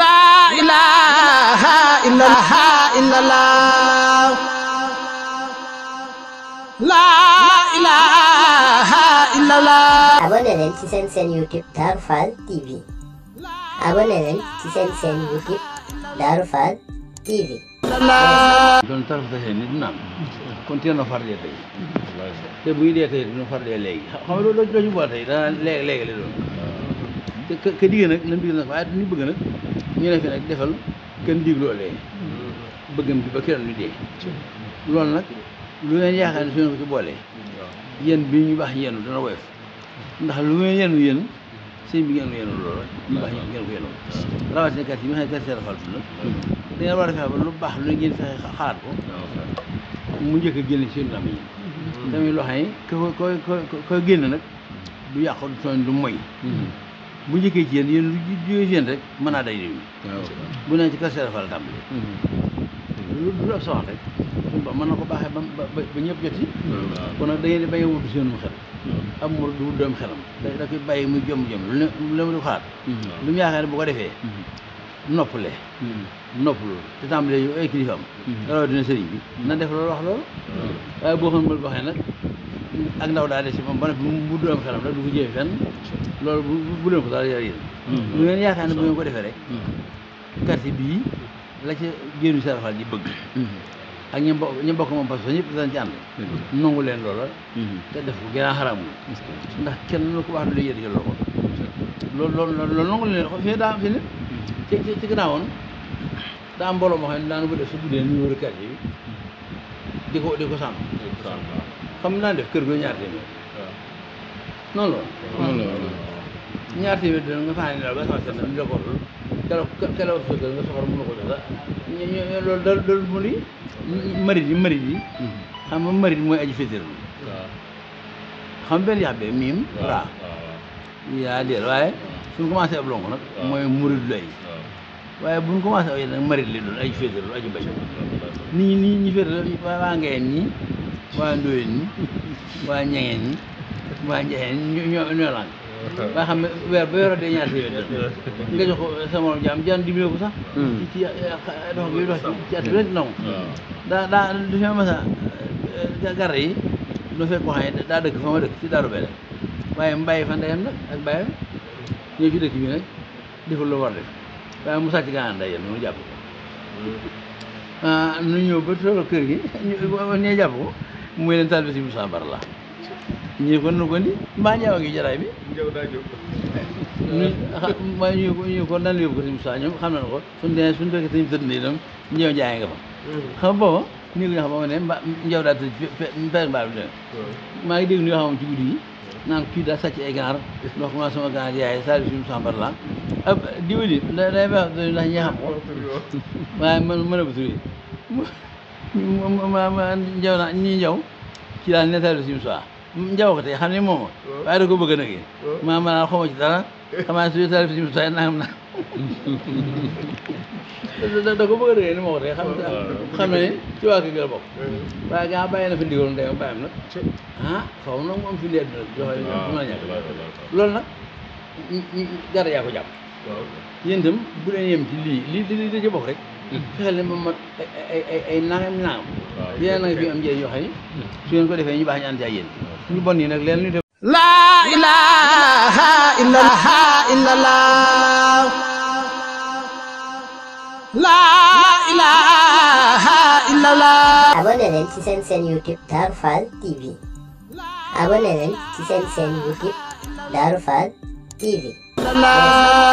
laa ilaaha illallaah laa ilaaha illallaah abonné leen ci seen seen YouTube Darou Fall TV abonné leen ci seen seen YouTube Darou Fall TV. doon taraf dase nit dina am kon teel na farlee tey te buy dee tey dina farlee léegi xam nga loolu loo ci boole tey dana léegi léegi la doon te ka digg nag lan digg nag waaye duñu bëgg nag ñu nekk nag defal kenn dig loolee bëggam bi ba kenn lu dee loolu nag lu ngeen yaakaar ne su ngeen ko ci boolee yéen bi ñu baax yéenu dana woyof ndax lu ngeen yéenu yéen sëñ bi ngeen ko ñu baax ñi ngeen ko yéenu rawatina quartier yi ma xam ne quartier Fall la da ngeen war ba lu baax lu ngeen fexe xalaat ko mu njëkk a génn ci seen ndam génn nag du yàqu du tooñ du moy bu njëkkee ci yéen yéen lu jógee ci yéen rek mën naa day réew ah, bu nee ci kër a Fall tàmbali mm-hmm. lu lu ab soxla rek mën na ko baaxee ba ba ñëpp jot ci ah, kon nag da ngeen di bàyyi wutu seen mu xel ah. am mur du doom xelam da koy bàyyi muy jom jom lu ne lu mu xaar mm-hmm. lu mu yaakaar ne bu ko defee mm-hmm. noppale noppalu te tàmbalee yu ay kilifa am rawat dina sëriñ bi na def loolu wax loolu waaye boo xam ne waxee nag ak ndaw daa si ci moom ba noppi bu dul am xelam rek du ko jëfe fenn loolu bu leen ko dara yar yéen lu hmm. ngeen yaakaar ne bu ngeen ko defee rek hmm. quartier bii la ca génnu sarafal ji bëgg hmm. ak ñu bokk ñu bokk moom parce que ñëpp dañ ci ànd nangu leen loola te def ko gën a xaraamul ndax kenn lu ko wax du lay yëri ci loolu loolu loolu loolu nangu leen ko fii daa fi ne ci ci gannaawoon daa am mbooloo moo xam ne daana ko def su guddee numéro quartier bi di ko di ko sàmm xam naa def kër ga ñaar téeméer noonu la noonu la ñaar téeméer dina nga faa ne daal ba sama seen la ko kelaw nga soxor mënu mu ni marit yi marit yi mm-hmm. xam nga marit mooy aji fétér xam benn ñi nit ñi fétér waa ñi waa Ndoyeen ñi waa Ñangeen ñi waa Njaxeen ñi ñoo ñoo laaj ba xam ne weer ba yoro de ñaar si nga jox ko sa morom jaam jaan dimbale ko sax ci dox bi dox ci at bi rek nangu daa daa du fi masa garre yi no fekk waxee daa dëkk fa ma dëkk ci Daaru Bele waaye mu bàyyi fa ndeyam nag ak bàyyam ñëw ci dëkk bi nag deful lu war def waaye mu sàcc gànnaar day yéen mu jàpp ko nu ñëw ba toolu kër gi ñu ñee jàpp ko muy leen taalibe Sëriñ Musaa Bara la ñu kon nu ko ni mbaa ñaawa ngi jaraay bi ñu ñu ko daan yóbbu ko Sëriñ Musaa ñoom xam nañu ko suñ dee suñ fekkee suñu tëdd nii itam njaw njaay nga fa xam booba nii nga xam moom ne mba njaw daa tëdd per mbaa bi maa ngi dégg ñu xam yi daa sàcc ay ganaar ndox ma sama ganaar yaay taalibe Sëriñ Musaa Bara la ab diwli day day baax ndax ko waaye man mën njaw na ñuy njaw ci daal nettali njaw ko tey xam ne moom waaye da ko bëgg nag yéen ma maanaam xamoo ci dara xam naa suñu tari suñu soi nangam na da ko bëgg a ni moo ko tey xam ci waa kër gi la bokk waaye gaa bàyyi na fi ndigal ndey na mu am fi ndee dina joxe mën yem ci lii lii lii da rek fexe leen ba mot ay ay ay nangam nangam yeneen nangam yu am njëriñ yoo xam ne hmm. su ngeen ko defee ñu baax ñu ànd ci ay yéen hmm. ñu bon yi nag leen ñu def laa ilaha illallah laa ilaha illallah abonné leen ci seen seen youtube Darou Fall TV abonné leen ci seen seen youtube Darou Fall TV